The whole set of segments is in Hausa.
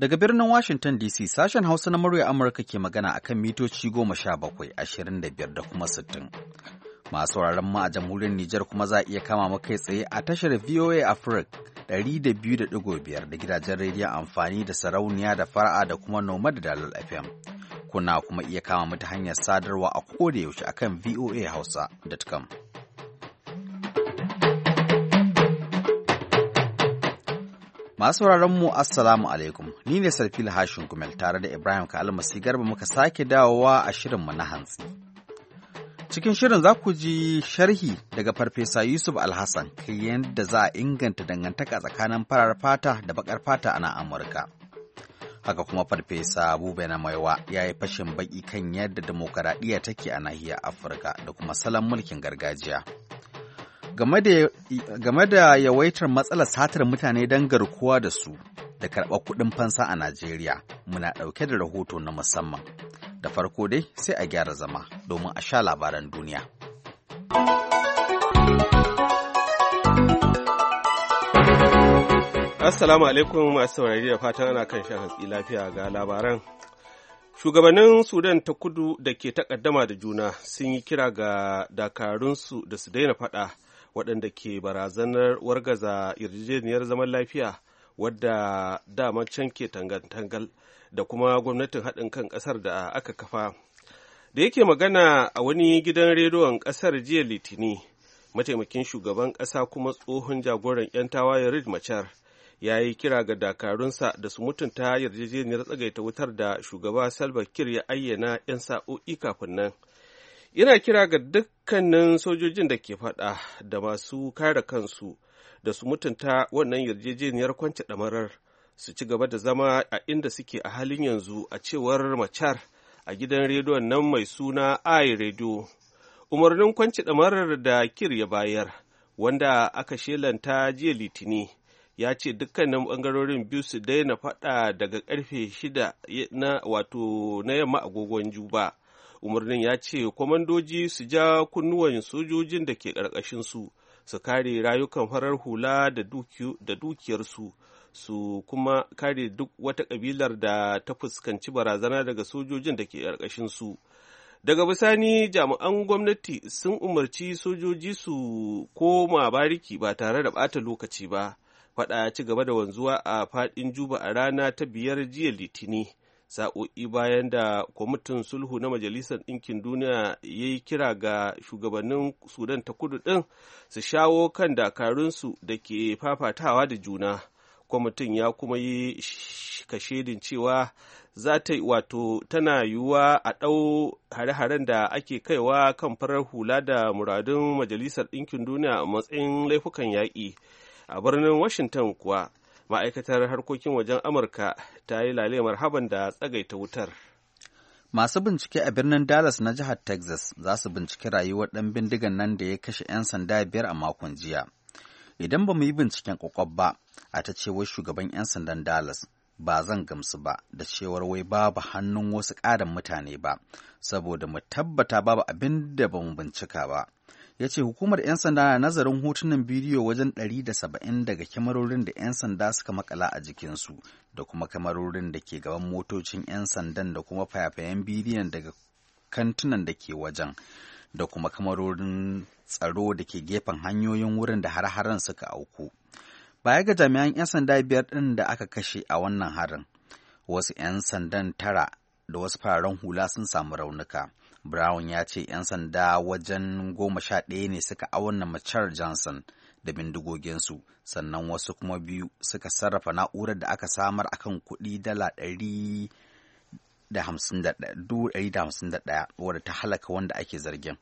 Daga birnin Washington DC sashen Hausa na murya Amurka ke magana a kan mitoci goma sha bakwai, ashirin da biyar da kuma sittin. Masu wuraren mu a jamhuriyar Nijar kuma za a iya kama mu kai tsaye a tashar VOA Africa ɗari da biyu da ɗigo biyar da gidajen rediyon amfani da sarauniya da fara'a da kuma noma da dalil FM. Kuna kuma iya kama mu ta hanyar sadarwa a a yaushe VOA hausa.com. Masu mu Assalamu alaikum, ni ne Sarfil Hashin Gumel tare da Ibrahim Kalmasi Garba muka sake dawowa a shirinmu na hantsi. Cikin shirin za ku ji sharhi daga Farfesa Yusuf Alhassan kai yadda za a inganta dangantaka tsakanin farar fata da bakar fata a nan Amurka. Haka kuma Farfesa na Maiwa ya yi fashin baƙi kan yadda demokaradiyya take a nahiyar Afirka da kuma salon mulkin gargajiya. game da yawaitar matsalar satar mutane don garkuwa da su da karɓar kuɗin fansa a Najeriya muna ɗauke da rahoto na musamman. Da farko dai sai a gyara zama domin a sha labaran duniya. Assalamu alaikum masu saurari da fatan ana kan shan hatsi lafiya ga labaran. Shugabannin Sudan ta kudu da ke takaddama da juna sun yi kira ga dakarunsu da su daina faɗa. waɗanda ke barazanar wargaza yarjejeniyar zaman lafiya wadda dama can ke tangal da kuma gwamnatin haɗin kan ƙasar da aka kafa da yake magana a wani gidan rediyon ƙasar jiya litini mataimakin shugaban ƙasa kuma tsohon jagoran 'yan tawayen rid machar ya yi kira ga dakarunsa da su mutunta yarjejeniyar tsagaita wutar da shugaba salva kiir ya ayyana 'yan sa'o'i kafin nan yana kira ga dukkanin sojojin da ke faɗa da masu kare kansu da su mutunta wannan yarjejeniyar kwance ɗamarar su ci gaba da zama a inda suke a halin yanzu a cewar Machar, a gidan rediyon nan mai suna ai Radio. umarnin kwanci ɗamarar da kir ya bayar wanda aka shelanta jiya litini ya ce dukkanin bangarorin biyu su daina faɗa daga karfe shida na wato na yamma agogon juba umarnin ya ce kwamandoji su ja kunnuwan sojojin da ke ƙarƙashinsu su kare rayukan farar hula da dukiyarsu su kuma kare duk wata ƙabilar da ta fuskanci barazana daga sojojin da ke ƙarƙashinsu daga bisani jami'an gwamnati sun umarci sojoji su koma bariki ba tare da bata lokaci ba faɗa ci gaba da wanzuwa a faɗin juba a rana ta biyar jiya litini sa'o'i bayan da kwamitin sulhu na majalisar ɗinkin duniya ya yi kira ga shugabannin sudan ta kudu ɗin su shawo kan dakarunsu da ke fafatawa da juna kwamitin ya kuma yi kashedin cewa za ta yi wato tana yiwuwa a ɗau hare-haren da ake kaiwa kan farar hula da muradun majalisar ɗinkin duniya a matsayin laifukan yaƙi a birnin washington kuwa ma'aikatar harkokin wajen amurka ta yi lalemar haban da tsagaita wutar masu bincike a birnin dallas na jihar texas za su binciki rayuwar ɗan bindigan nan da ya kashe 'yan sanda biyar a makon jiya idan ba mu yi binciken kwakwab ba a ta cewar shugaban 'yan sandan dallas ba zan gamsu ba da cewar wai babu hannun wasu ƙarin mutane ba saboda mu tabbata babu abin da ba mu bincika ba ya ce hukumar 'yan sanda na nazarin hotunan bidiyo wajen 170 daga kyamarorin da 'yan sanda suka makala a jikinsu da kuma kamarorin da ke gaban motocin 'yan sandan da kuma fayafayen bidiyon daga kantunan da ke wajen da kuma kamarorin tsaro da ke gefen hanyoyin wurin da har-haren suka auku. Baya ga jami'an 'yan sanda biyar ɗin da aka kashe a wannan harin, wasu 'yan sandan tara da wasu fararen hula sun samu raunuka. Brown ya ce 'yan sanda wajen goma sha ɗaya ne suka auna macar Johnson da bindigoginsu, sannan wasu kuma biyu suka sarrafa na'urar da aka samar akan kuɗi dala ɗari da hamsin da ɗaya wadda ta halaka wanda ake zargin.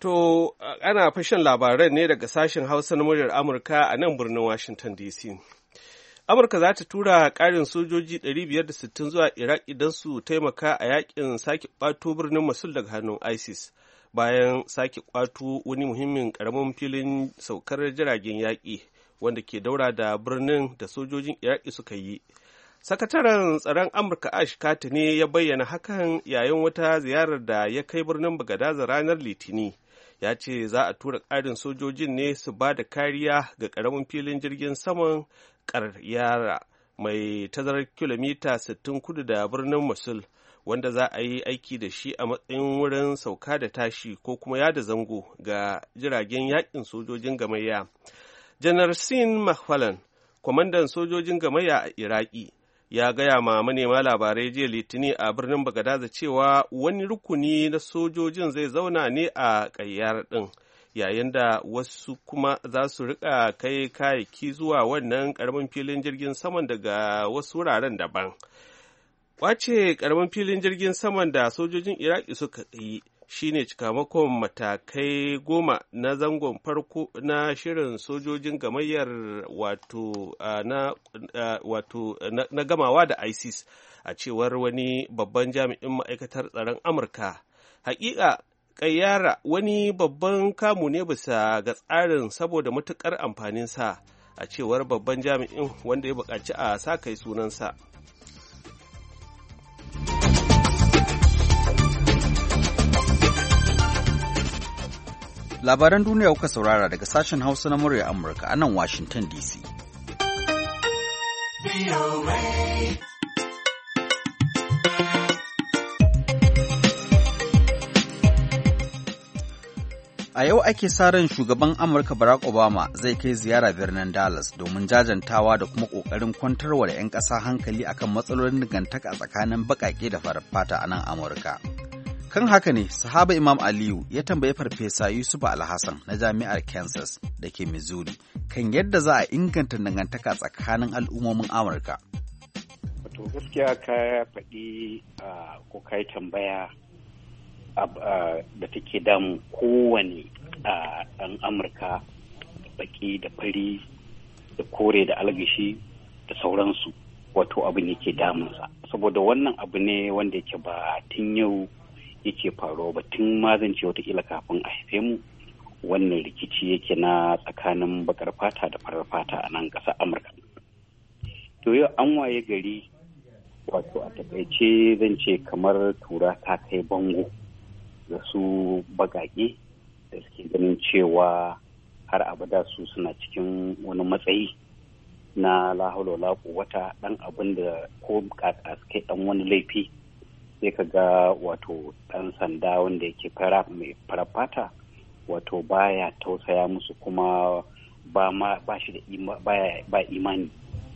To, ana fashin labaran ne daga sashen Hausa na muryar Amurka a nan birnin Washington DC. Amurka za ta tura ƙarin sojoji 560 zuwa Iraq idan su taimaka a yakin sake ƙwato birnin Mosul daga hannun ISIS bayan sake ƙwato wani muhimmin ƙaramin filin saukar jiragen yaƙi wanda ke daura da birnin da sojojin Iraq suka yi. Sakataren tsaron Amurka Ash Carter ne ya bayyana hakan yayin wata ziyarar da ya kai birnin Bagadaza ranar Litini. ya ce za a tura ƙarin sojojin ne su ba da kariya ga ƙaramin filin jirgin saman ƙaryara mai tazarar kilomita 60 kudu da birnin Mosul wanda za a yi aiki da shi a matsayin wurin sauka da tashi ko kuma yada zango ga jiragen yakin sojojin gamayya. janar sin mahfalan kwamandan sojojin gamayya a iraki ya gaya ma manema labarai jiya litini a birnin bagadaza cewa wani rukuni na sojojin zai zauna ne a ƙayyar ɗin yayin da wasu kuma za su rika kai kayayyaki zuwa wannan ƙaramin filin jirgin saman daga wasu wuraren daban kwace ƙaramin filin jirgin saman da sojojin iraki suka yi shine cikamakon matakai goma na zangon farko na shirin sojojin gamayyar wato na, gamawa da isis a cewar wani babban jami'in ma'aikatar tsaron amurka hakika kayyara wani babban kamu ne bisa ga tsarin saboda matukar amfaninsa a cewar babban jami'in wanda ya buƙaci a sa kai sunansa Labaran duniya kuka saurara daga sashen Hausa na murya Amurka a nan Washington DC. A yau ake sa ran shugaban Amurka Barack Obama zai kai ziyara birnin Dallas domin jajantawa da kuma ƙoƙarin kwantarwa da 'yan ƙasa hankali akan matsalolin dangantaka tsakanin baƙaƙe da fata a nan Amurka. kan haka ne sahaba imam aliyu ya tambayi farfesa yusuf alhassan na jami'ar kansas da ke missouri kan yadda za a inganta dangantaka tsakanin al'ummomin amurka wato gaskiya ka faɗi ko ka tambaya da take damu kowane ɗan amurka da baƙi da fari da kore da algashi da sauransu wato abin ke damunsa saboda wannan abu ne wanda yake ba tun yau yake faruwa ba tun ma zan ce kafin a haife mu wannan rikici yake na tsakanin bakar fata da farar fata a nan ƙasar amurka to yau an waye gari wato a takaice zan ce kamar tura ta kai bango ga su bagage da suke ganin cewa har abada su suna cikin wani matsayi na lahaula wata dan abin da ko suke dan wani laifi sai ka ga wato ɗan sanda wanda yake fara mai farfata wato baya tausaya musu kuma ba ma ba shi da ba imani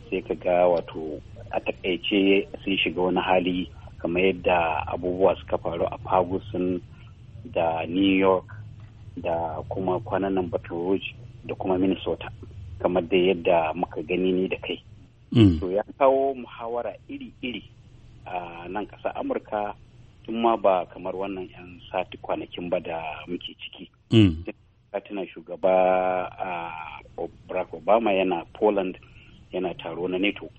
sai ka ga wato a takaice sun shiga wani hali kamar yadda abubuwa suka faru a Ferguson da New York da kuma kwanan nan Baton da kuma Minnesota kamar da yadda muka gani ni da kai. Mm. ya kawo muhawara iri-iri a nan ƙasa amurka tun ma ba kamar wannan 'yan sati kwanakin ba da muke ciki katina mm. shugaba a barack obama yana poland yana taro na nato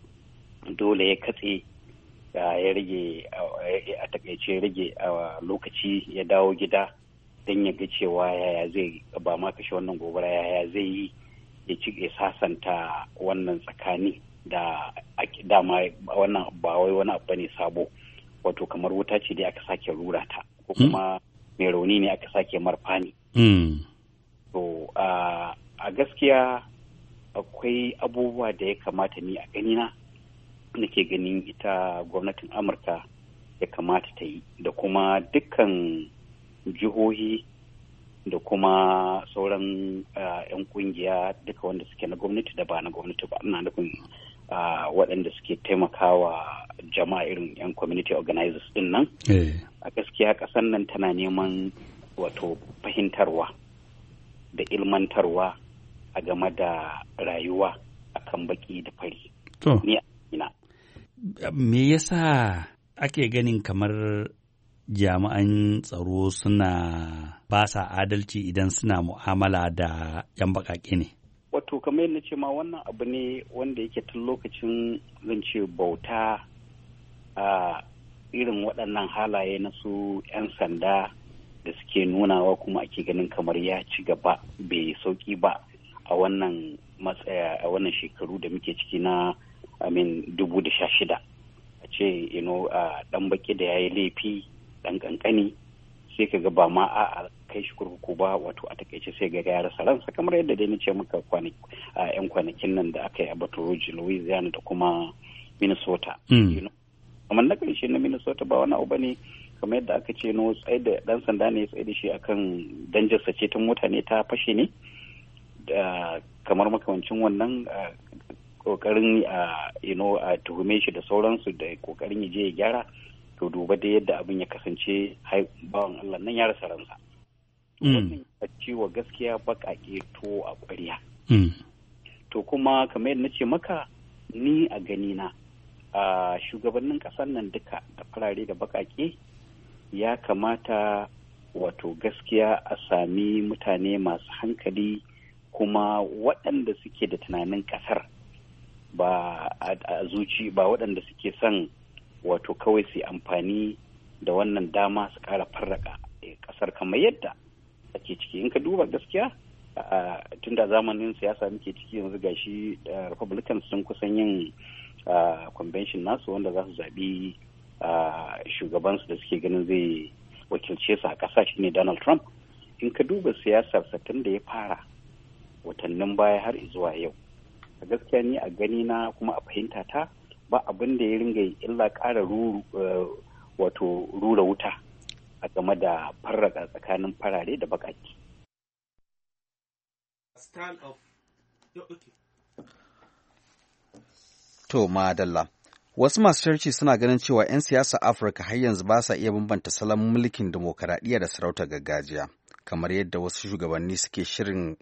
dole ya katse ya rage a takaice rage a lokaci ya dawo gida don ya ga cewa yaya zai ba ma kashe wannan gobara yaya zai yi ya ci sasanta wannan tsakani da dama wannan ba wai wani abu ne sabo wato kamar wuta ce dai aka sake rura ta ko hmm. kuma mai rauni ne aka sake marfani hmm. to a gaskiya akwai abubuwa da ya kamata ni a ganina nake ganin ita gwamnatin amurka ya kamata ta yi da kuma dukkan jihohi da kuma sauran 'yan kungiya duka wanda suke na gwamnati da ba na gwamnati ba ina nufin waɗanda suke taimakawa jama'a irin 'yan community organizers din nan eh. a gaskiya ƙasar nan tana neman wato fahimtarwa da ilmantarwa a game da rayuwa a kan baki da fari me yasa ake ganin kamar jama'an tsaro suna ba sa adalci idan suna mu'amala da 'yan baƙaƙe ne to kamar yadda ce ma wannan abu ne wanda yake tun lokacin zan ce bauta a irin waɗannan halaye na su 'yan sanda da suke nunawa kuma ake ganin kamar ya ci gaba bai sauki ba a wannan matsaya a wannan shekaru da muke ciki na amin dubu da sha shida a ce ino a ɗan baki da ya yi laifi ɗan ƙanƙani sai ka ga ba ma a kai shi kurkuku ba wato a takaice sai ga gayar rasa ransa kamar yadda dai nace muka yan kwanakin nan da aka yi a Baton Rouge Louisiana da kuma Minnesota hmm. kamar na karshe na Minnesota ba wani abu bane kamar yadda aka ce no tsaye da dan sanda ne ya tsaye da shi akan danjarsa ce tun mutane ta fashe ne kamar makamancin wannan kokarin a a tuhume shi da sauransu da kokarin ya je ya gyara to duba da yadda abin ya kasance bawan Allah nan ya rasa ransa Mm. wannan ciwo gaskiya baƙaƙe to a ƙwarya mm. to kuma kamar yadda ce maka ni a ganina a shugabannin ƙasar nan duka da farare da baƙaƙe ya kamata wato gaskiya a sami mutane masu hankali kuma waɗanda suke da tunanin ƙasar ba a zuci ba waɗanda suke son wato kawai su amfani da wannan dama su ƙara farraka ƙasar kamar yadda ake ciki in ka duba gaskiya tun da zamanin siyasa muke ciki yanzu gashi republicans sun kusan yin convention nasu wanda za su zaɓi shugabansu da suke ganin zai wakilce su a ƙasa ne donald trump in ka duba siyasar tun da ya fara watannin baya har zuwa yau a gaskiya ni a gani na kuma a fahimta ta ba abin da ya ringa illa ƙara wato rura wuta a game da farraga tsakanin farare da baƙaƙe. To madalla. Wasu masu sharci suna ganin cewa 'yan siyasa Afirka har yanzu ba sa iya bambanta salon mulkin dimokuraɗiyya da sarautar gargajiya, kamar yadda wasu shugabanni suke shirin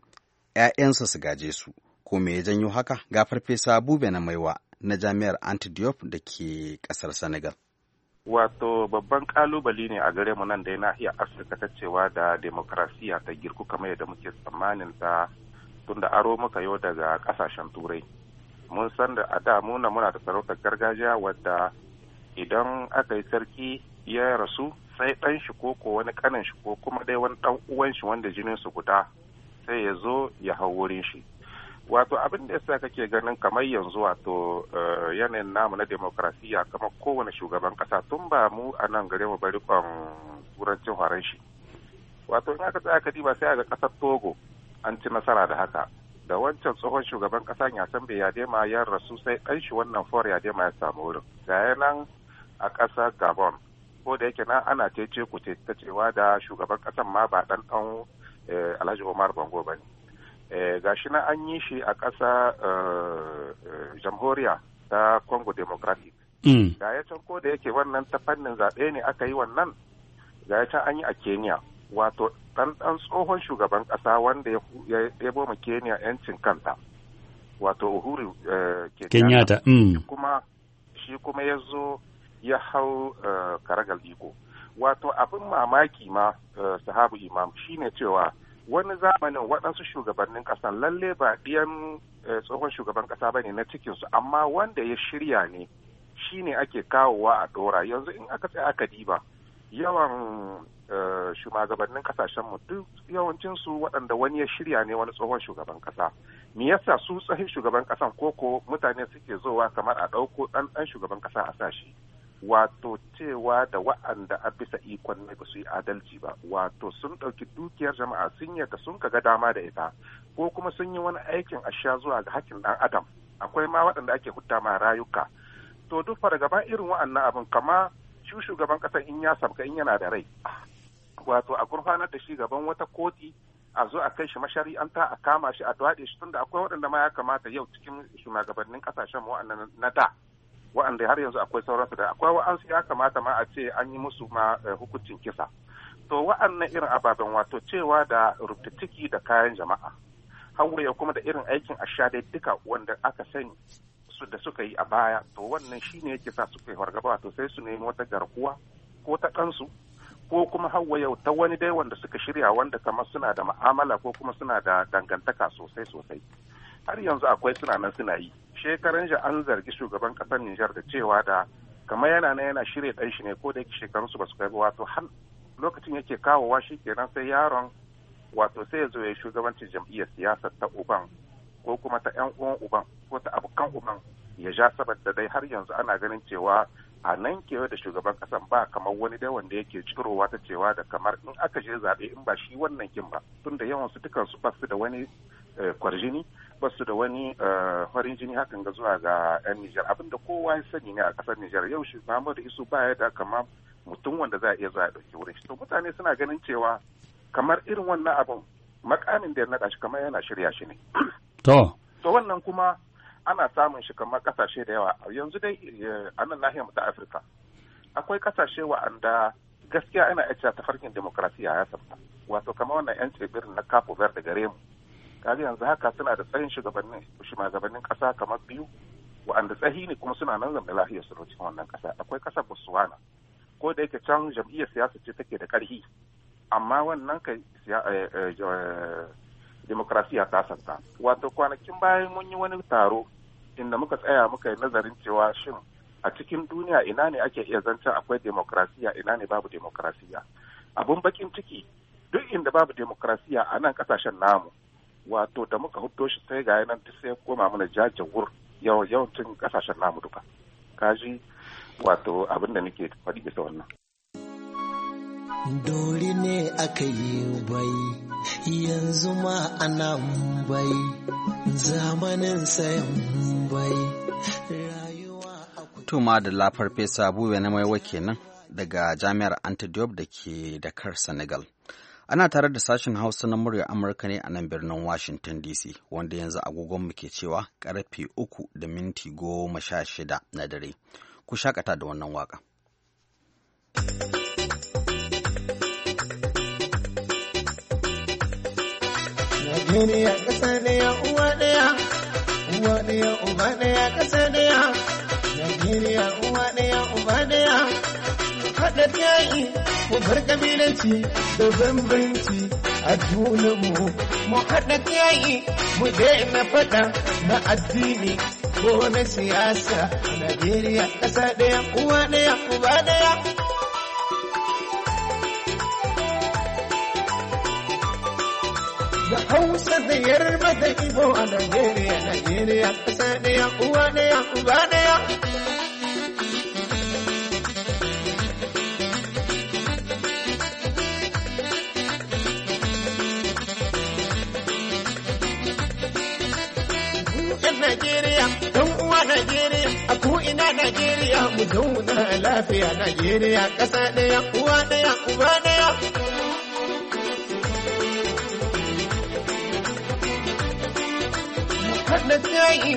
'ya'yansa su gaje su. Ko me ya janyo haka? Ga farfesa Bube na Maiwa na Jami'ar Antidiop da ke ƙasar Senegal. Wato babban kalubali ne a gare mu nan da nahiyar Afirka ta cewa da demokrasiya ta girku kamar yadda muke tsammanin ta tun da aro muka yau daga kasashen turai. Mun san da a da muna muna da sarautar gargajiya wadda idan aka yi sarki ya rasu sai ɗan shi ko ko wani kanin shi ko kuma dai wani ɗan uwan shi wanda jinin su guda sai ya zo ya hau wurin shi. wato abin da yasa kake ganin kamar yanzu wato eh, yanayin namu na demokrasiya kama kowane shugaban kasa tun ba mu a nan gare mu bari kwan turancin horon shi wato in aka tsaya ka sai a ga kasar togo an ci nasara da haka da wancan tsohon shugaban kasa san yade yadema ya rasu sai ɗan shi wannan for yadema ya samu wurin ga nan a kasa gabon ko da yake nan ana ce ku ce ta cewa da shugaban kasan ma ba dan dan eh, alhaji umar bango ba ne Eh, gashi na an yi shi a ƙasa eh, eh, jamhuriya ta congo democratic da mm. ya can ko da yake wannan ta fannin zaɓe ne aka yi wannan da ya can an yi a kenya wato ɗanɗan tsohon shugaban ƙasa wanda ya boma kenya 'yancin kanta wato uhuru kenyatta mm. kuma shi kuma ya zo ya hau karagal iko wato abin mamaki ma sahabu imam shine cewa wani zamanin waɗansu shugabannin ƙasa lalle ba ɗiyan eh, tsohon shugaban ƙasa ba ne na cikinsu amma wanda ya shirya ne shi ne ake kawowa a ɗora yanzu in aka tsaya aka diba yawan eh, shugabannin mu duk yawancinsu waɗanda wani ya shirya ne wani tsohon shugaban ƙasa me yasa su tsohon shugaban ƙasan koko mutane suke zowa kamar a ɗauko ɗan ɗan shugaban ƙasa a sa shi wato cewa da wa'anda a bisa ikon ne ba su yi adalci ba wato sun ɗauki dukiyar jama'a sun yaka sun ga dama da ita ko kuma sun yi wani aikin a sha zuwa ga hakkin ɗan adam akwai ma waɗanda ake hutta ma rayuka to duk fargaba irin wa'annan abin kama shi shugaban ƙasar in ya sabka in yana da rai wato a gurfanar da shi gaban wata koti a zo a kai shi mashari'anta a kama shi a daɗe shi tunda akwai waɗanda ma ya kamata yau cikin shugabannin ƙasashen wa'annan na da waɗanda har yanzu akwai sauransu da akwai wa'ansu ya kamata ma a ce an yi musu ma eh, hukuncin kisa to wa'annan irin ababen wato cewa da rubututtuki da kayan jama'a ya kuma da irin aikin a dai duka wanda aka sani su da suka yi a baya to wannan shine yake sa suka yi fargaba wato sai su nemi wata garkuwa ko ta kansu ko kuma hawa yau ta wani dai wanda suka shirya wanda kamar suna da ma'amala ko kuma suna da dangantaka sosai sosai har yanzu akwai suna nan suna yi shekaran shi an zargi shugaban kasar Nijar da cewa da kamar yana na yana shirya ɗan shi ne ko da yake shekarunsu ba su kai ba wato har lokacin yake kawowa shi kenan sai yaron wato sai ya zo ya shugabancin jam'iyyar siyasar ta uban ko kuma ta yan uwan uban ko ta abokan uban ya ja saboda dai har yanzu ana ganin cewa a nan kewa da shugaban kasan ba kamar wani dai wanda yake cirowa ta cewa da kamar in aka je zaɓe in ba shi wannan kin ba tunda yawan su dukan su basu da wani eh, kwarjini ba su da wani eh, farin jini hakan ga zuwa ga 'yan Nijar abinda kowa ya sani ne a kasar Nijar yau shi Muhammad Isu ba ya da kama mutum wanda za a iya zuwa ɗauki wurin shi to mutane suna ganin cewa kamar irin wannan abin makamin da ya naɗa shi kamar yana shirya shi ne. To. To wannan kuma ana samun shi kamar ƙasashe da yawa yanzu dai eh, a nan nahiyar mu ta Afirka akwai ƙasashe wa'anda gaskiya ana iya tafarkin demokrasiya ya sabta wato kamar wannan 'yan tsibirin na Cape Verde gare mu. kaga yanzu haka suna da tsayin shugabannin shugabannin kasa kamar biyu wa'anda tsahi ne kuma suna nan zambe lahiyar su cikin wannan kasa akwai kasar botswana ko da yake can jam'iyyar siyasa ce take da karhi amma wannan kai eh, eh, eh, demokrasiya ta santa wato kwanakin bayan mun yi wani taro inda muka tsaya muka yi nazarin cewa shin a cikin duniya ina ne ake iya zancen akwai demokrasiya ina ne babu demokrasiya abun bakin ciki duk inda babu demokrasiya a nan kasashen namu wato da muka hudo shi sai ga yanan ta sai koma mana jajawur yawan yawancin kasashen namu duka kaji wato abin da nake faɗi bisa wannan Dori ne aka yi bai, yanzu ma ana bai, zamanin sayan bai, rayuwa akwai. Tuma da lafar buwe na maiwa kenan daga jami'ar Antidiop da ke Dakar, Senegal. Ana tare da sashen Hausa na murya Amurka ne a nan birnin Washington DC, wanda yanzu agogonmu ke cewa karfe uku da minti goma sha shida na dare. Ku shakata da wannan waka. Najeriya ƙasa ɗaya uwa ɗaya, uwa ɗaya uba ɗaya ƙasa ɗaya, Najeriya uwa ɗaya. faɗaɗ yaƙi mu bar ƙabilanci da bambanci a junanmu mu haɗaɗ yaƙi mu daina faɗa na addini ko na siyasa Najeriya ƙasa ɗaya uwa ɗaya uba ɗaya. Da Hausa da Yarba da Ibo a Najeriya, Najeriya ƙasa ɗaya uwa ɗaya uba ɗaya. Najeriya, ɗan uwa Najeriya, a ko'ina Najeriya, mu zauna lafiya Najeriya, ƙasa ɗaya, uwa ɗaya, uba ɗaya. haɗa tsayi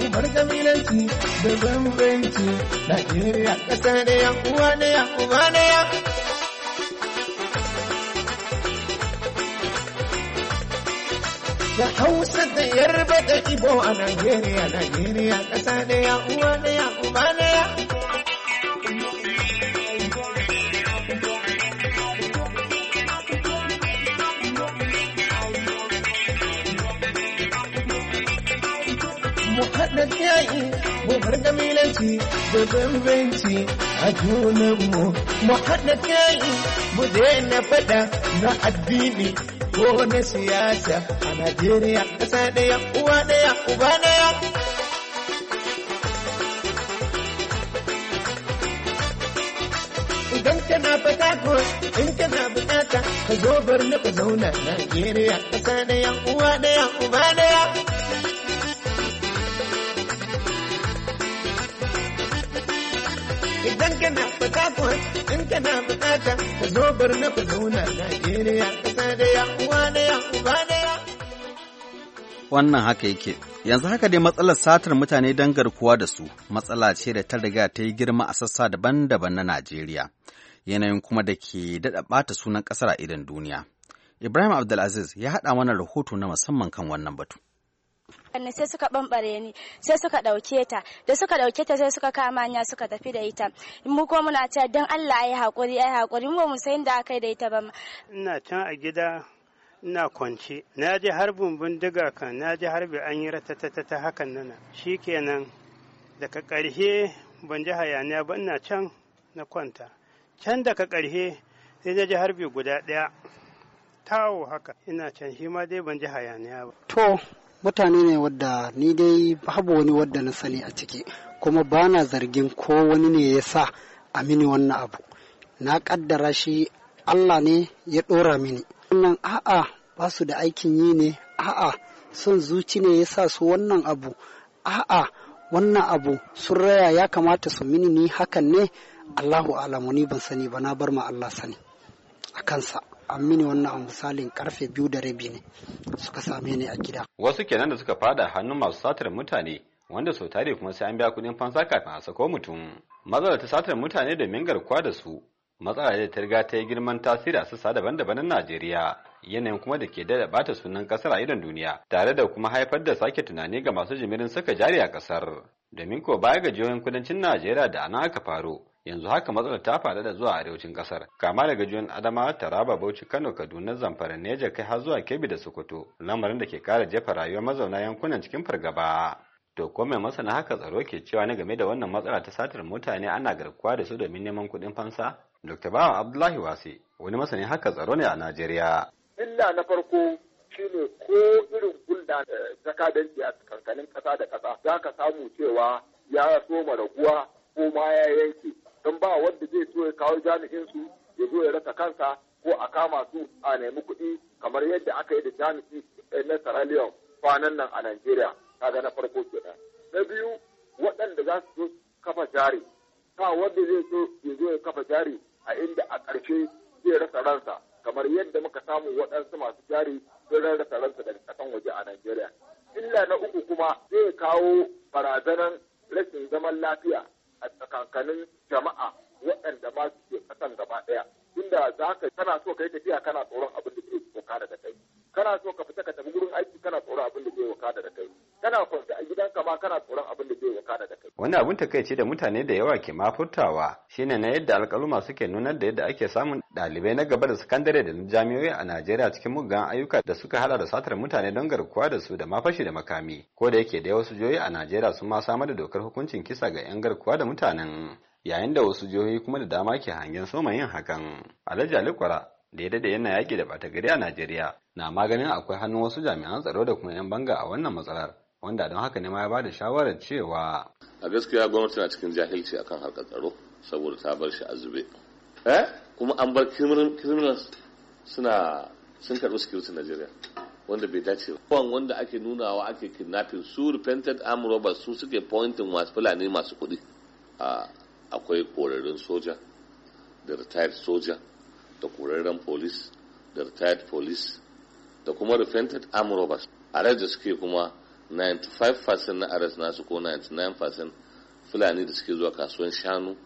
mu bar kabilanci da bambanci Najeriya ƙasa ɗaya uwa ɗaya uba ɗaya. da hausa da yarba da ibo a Najeriya, Najeriya ƙasa da ya uwa da ya uba da ya. Mu haɗa yayi, da bambanci a junanmu. Mu haɗa mu daina faɗa na addini ko na siyasa a Najeriya ƙasa ɗaya uwa ɗaya uba ɗaya. Idan kana fata ko in kana bukata ka zo bar na ku zauna Najeriya ƙasa ɗaya uwa ɗaya uba ɗaya. kana in kana bukata Wannan haka yake, yanzu haka dai matsalar satar mutane don garkuwa da su matsala ce da ta riga ta yi girma a sassa daban-daban na Najeriya, yanayin kuma da ke daɗa ɓata sunan ƙasar a idan duniya. Ibrahim Abdulaziz ya haɗa mana rahoto na musamman kan wannan batu. kakanni sai suka bambare ni sai suka dauke ta da suka dauke ta sai suka kama nya suka tafi da ita mu ko muna cewa dan Allah ayi hakuri ayi hakuri mu mun da aka da ita ba ina can a gida ina kwance na ji harbin bindiga kan na ji harbi an yi ratatata hakan nana shikenan daga karshe ban ji hayaniya ba ina can na kwanta can daga karshe sai na ji harbi guda daya tawo haka ina can shi ma dai ban ji hayaniya ba to mutane ne wadda ni dai babu wani wadda na sani a ciki kuma ba na zargin ko wani ne ya sa a mini wannan abu na kaddara shi allah ne ya ɗora mini wannan a'a ba su da aikin yi ne a'a son zuci ne ya sa su wannan abu a'a wannan abu sun raya ya kamata su mini ni hakan ne allahu alamu ni ban sani ba na bar ma allah sani a kansa an mini wannan a misalin karfe biyu da rabi ne suka same ni a gida wasu kenan da suka fada hannun masu satar mutane wanda sau tare kuma sai an biya kuɗin fansa kafin a sako mutum matsala ta satar mutane da min garkuwa da su matsala da ta riga ta yi girman tasiri a sassa daban-daban na Najeriya yanayin kuma da ke da bata sunan kasar a idon duniya tare da kuma haifar da sake tunani ga masu jimirin saka jari a kasar domin ko baya ga jihohin kudancin Najeriya da ana aka faro yanzu haka matsalar ta faru da zuwa arewacin kasar kama daga jiyan adama taraba bauchi kano kaduna zamfara neja kai har zuwa kebbi da sokoto lamarin da ke kara jefa rayuwar mazauna yankunan cikin fargaba to ko mai masana haka tsaro ke cewa ne game da wannan matsala ta satar mutane ana garkuwa da su domin neman kuɗin fansa dr bawa abdullahi wasi wani masani haka tsaro ne a najeriya illa na farko shine ko irin hulɗa zakadanci a kankanin ƙasa da ƙasa za ka samu cewa ya soma raguwa ko ma ya yanke don ba wanda zai so ya kawo jami'in su ya zo ya rasa kansa ko a kama su a nemi kuɗi kamar yadda aka yi da jami'i eh, na Sierra Leone kwanan nan a Najeriya kaga na farko kenan na biyu waɗanda za su zo kafa jari ba wanda zai so ya zo ya kafa jari a inda a ƙarshe zai rasa ransa kamar yadda muka samu waɗansu masu jari sun rasa ransa daga ƙasan waje a Najeriya. Illa na uku kuma zai kawo barazanan rashin zaman lafiya a tsakankanin jama'a waɗanda ma suke ƙasan gaba ɗaya. Tunda za ka kana so ka yi tafiya kana tsoron abin da zai tsoka daga kai. kana so ka fita ka tafi gurin aiki kana tsoron abin da zai wakana da kai kana kwanta a gidanka ma kana tsoron abin da zai wakana da kai wani abin takaici da mutane da yawa ke mafurtawa shine na yadda alkaluma suke nunar da yadda ake samun ɗalibai na gaba da sakandare da jami'o'i a Najeriya cikin muggan ayyuka da suka hada da satar mutane don garkuwa da su da mafashi da makami ko da yake da wasu jihohi a Najeriya sun ma samar da dokar hukuncin kisa ga 'yan garkuwa da mutanen yayin da wasu jihohi kuma da dama ke hangen soma yin hakan. Alhaji Alikwara da ya dade yana yaƙi da ɓata gari a Najeriya na maganin akwai hannun wasu jami'an tsaro da kuma 'yan banga a wannan matsalar wanda don haka ne ma ya bada shawarar cewa a gaskiya gwamnati na cikin jahilci akan harkar tsaro saboda ta bar shi a zube eh kuma an bar criminals suna sun karɓi security Najeriya wanda bai dace ba wanda ake nunawa ake kidnapping su repented arm robbers su suke pointing masu fulani masu kuɗi ah, akwai korarin soja da retired soja da kurarren police da retired police da kuma repented arm robbers arrest da suke kuma 95% na arrest nasu ko 99% fulani da suke zuwa kasuwan shanu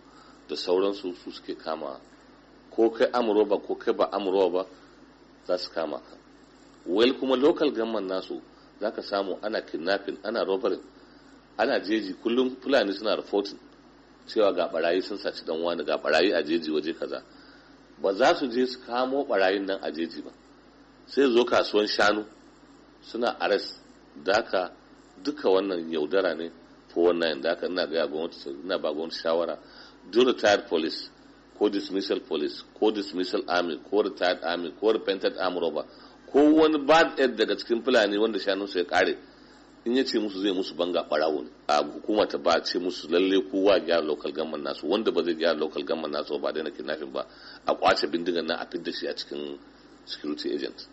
da sauransu su suke kama ko kai arm ba ko kai ba arm ba za su kama ka wel kuma local gamman nasu za ka samu ana kidnapping ana robbery ana jeji kullum fulani suna reporting cewa ga barayi sun saci dan wani ga barayi a jeji waje kaza ba za su je su kamo barayin nan a jeji ba sai zo kasuwan shanu suna ares da duka wannan yaudara ne ko wannan da aka ina ga ina ba gwamnati shawara do retired police ko dismissal police ko dismissal army ko retired army ko repented army robber ko wani bad aid daga cikin fulani wanda shanu ya kare in ya ce musu zai musu banga barawo a hukuma ta ba ce musu lalle kowa gyara local government nasu wanda ba zai gyara local government nasu ba daina kidnapping ba a kwace bindigan nan a fidda shi a cikin security agent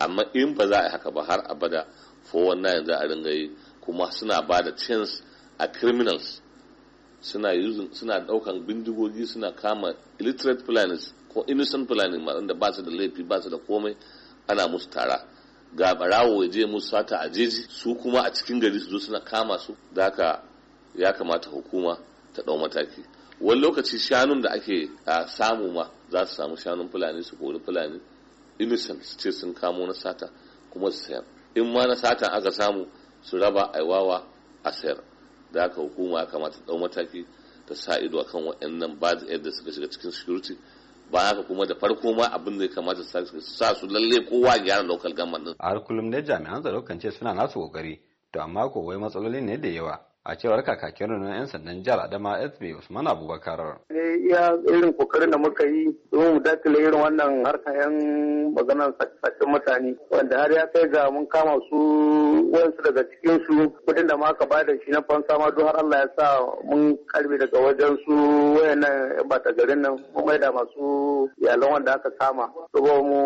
amma in ba za a yi haka ba har abada 419 za a ringa yi kuma suna ba da chance a criminals suna using suna daukan bindigogi suna kama illiterate planners ko innocent planning ma da ba su da laifi ba su da komai ana musu tara ga barawo ya je musu sata a jeji su kuma a cikin gari su zo suna kama su da haka ya kamata hukuma ta ɗau mataki wani lokaci shanun da ake samu ma za su samu shanun fulani su kori fulani innocent su ce sun kamo na sata kuma su sayar in ma na sata aka samu su raba aiwawa a sayar da haka hukuma ya kamata ɗau mataki ta sa ido akan waɗannan ba da yadda suka shiga cikin security ba haka kuma da farko ma abin da ya kamata su sa su lalle kowa gyara local government din a har kullum ne jami'an tsaro kan ce suna nasu kokari to amma ko wai matsaloli ne da yawa a cewar kakakin rundunar 'yan sandan jihar adama sb usman abubakar eh, iya irin kokarin da muka yi don mu dakile irin wannan harkar yan maganar sakin mutane wanda har ya kai ga mun kama su wasu daga cikin su kudin da ma aka bada shi na fansa ma don har Allah ya sa mun karbe daga wajen su wayannan bata garin nan mun maida masu iyalan wanda aka kama saboda mu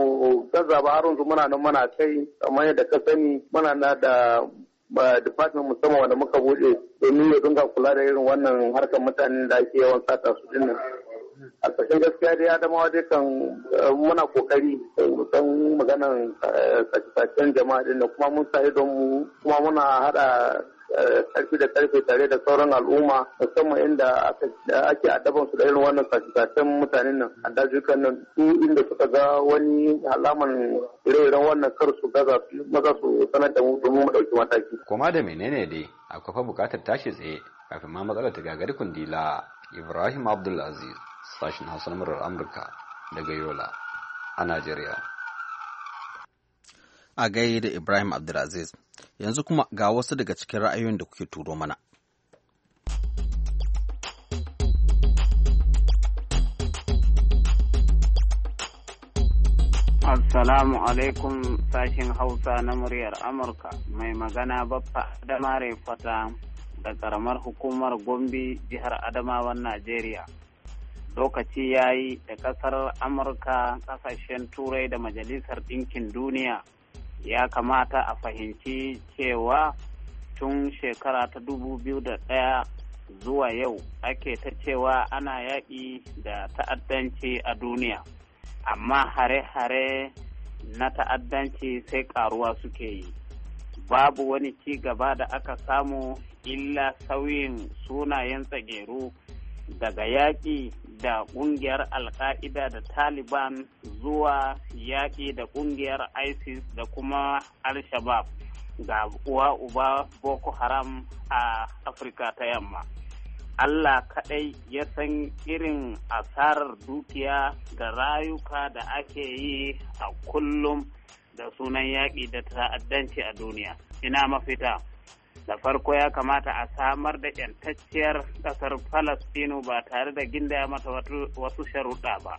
gaza har yanzu muna nan muna kai kamar yadda ka sani muna na da department musamman wanda muka buɗe domin ya dinga kula da irin wannan harkar mutanen da ake yawan sata su dinnan. a ƙarshen gaskiya dai adamawa dai kan eh, muna kokari don maganan eh, sace-sacen jama'a dinnan kuma mun sa don mu kuma muna hada. karfi da karfe tare da sauran al'umma musamman inda ake adaban su da irin wannan kashi sacen mutanen nan a dajukan nan su inda suka ga wani alaman ire-iren wannan kar su gaza su maza su sanar da mu domin mu dauki mataki. Kuma da menene dai akwai fa bukatar tashi tsaye kafin ma matsalar ta gagari kundila Ibrahim Abdulaziz sashin Hausa na Amurka daga Yola a Najeriya. a gaye da Ibrahim Abdulaziz. Yanzu kuma ga wasu daga cikin ra'ayoyin da kuke turo mana. Assalamu alaikum sashin Hausa na muryar Amurka mai magana Baffa Adamare Fata da ƙaramar hukumar Gombe jihar Adamawan Najeriya. Lokaci ya yi da ƙasar Amurka ƙasashen Turai da Majalisar Ɗinkin Duniya ya kamata a fahimci cewa tun shekara ta dubu biyu da ɗaya zuwa yau ake ta cewa ana yaƙi da ta'addanci a duniya amma hare-hare na ta'addanci sai ƙaruwa suke yi babu wani ci gaba da aka samu illa sauyin sunayen tsageru daga yaƙi da ƙungiyar alƙa'ida da taliban zuwa yaƙi da ƙungiyar isis da kuma al-shabab ga uwa uba boko haram a afirka ta yamma allah kaɗai ya san irin asarar dukiya da rayuka da ake yi a kullum da sunan yaƙi da ta'addanci a duniya ina mafita da farko ya kamata a samar da yantacciyar ƙasar falastinu ba tare da gindaya mata wasu sharuɗa ba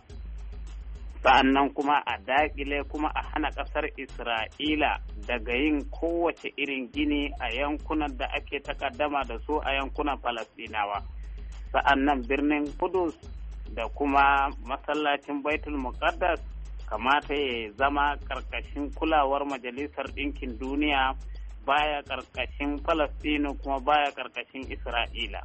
sa'annan kuma a daƙile kuma a hana ƙasar isra'ila daga yin kowace irin gini a yankunan da ake takaddama da su a yankunan falastinawa sa'annan birnin kudus da kuma masallacin baitul mukaddas kamata ya zama ƙarƙashin kulawar majalisar ɗinkin duniya baya karkashin Falastinu kuma baya karkashin Isra'ila.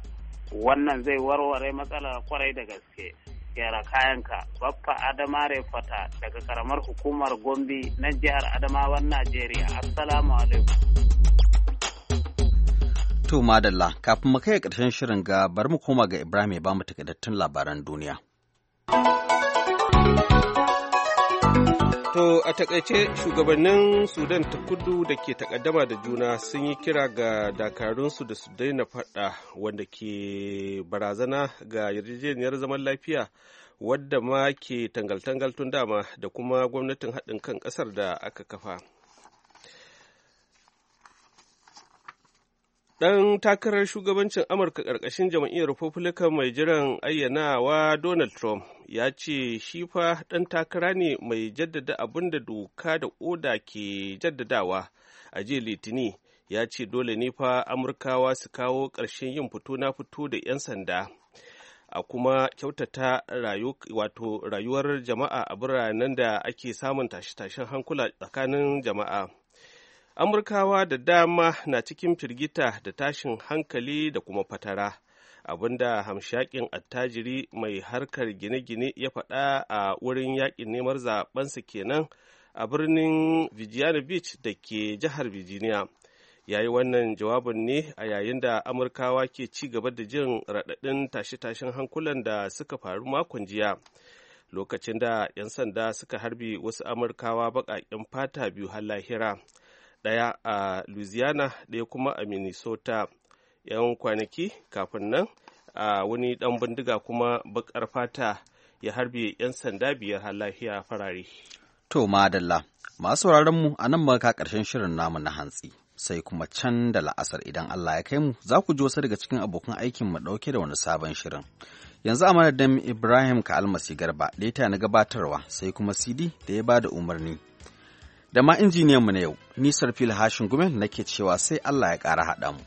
Wannan zai warware matsalar kwarai da gaske. Gyara kayanka, Baffa Adama Refata daga karamar hukumar Gombe na jihar Adamawan Najeriya. Assalamu alaikum. To madalla, kafin mu kai ƙarshen shirin ga bar mu koma ga Ibrahim ya ba mu takaitattun labaran duniya. To a takaice shugabannin Sudan ta kudu da ke takaddama da juna sun yi kira ga dakarunsu da su daina faɗa wanda ke barazana ga yarjejeniyar zaman lafiya wadda ma ke tangal-tangal tun dama da kuma gwamnatin haɗin kan ƙasar da aka kafa. Ɗan takarar shugabancin Amurka ƙarƙashin jam'iyyar Republican mai jiran ayyanawa Donald Trump ya ce shi fa ɗan takara ne mai jaddada abin da doka da oda ke jaddadawa a jiya Litini ya ce dole ne fa Amurkawa su kawo ƙarshen yin fito na fito da 'yan sanda. a kuma kyautata wato rayuwar jama'a a biranen da ake samun tashe-tashen hankula tsakanin jama'a amurkawa da dama na cikin firgita da tashin hankali da kuma fatara abinda hamshakin attajiri mai harkar gine-gine ya faɗa a wurin yakin neman zaɓensa kenan a birnin virginia beach da ke jihar virginia ya yi wannan jawabin ne a yayin da amurkawa ke ci gaba da jin raɗaɗin tashe-tashen hankulan da suka faru makon jiya lokacin da 'yan sanda suka harbi wasu amurkawa baƙaƙen fata biyu har lahira ɗaya a louisiana daya kuma a minnesota yan kwanaki kafin nan a wani ɗan bindiga kuma bakar fata ya harbe 'yan sanda biyar har farare to madalla masu mu a nan muka karshen shirin namu na hantsi sai kuma can da la'asar idan Allah ya kai mu za ku ji wasu daga cikin abokan aikin mu ɗauke da wani sabon shirin. Yanzu a madadin Ibrahim ka almasi garba da ya na gabatarwa sai kuma CD da ya ba da umarni da ma injiniyanmu na yau nisar fil hashin gumel nake cewa sai allah ya ƙara haɗa mu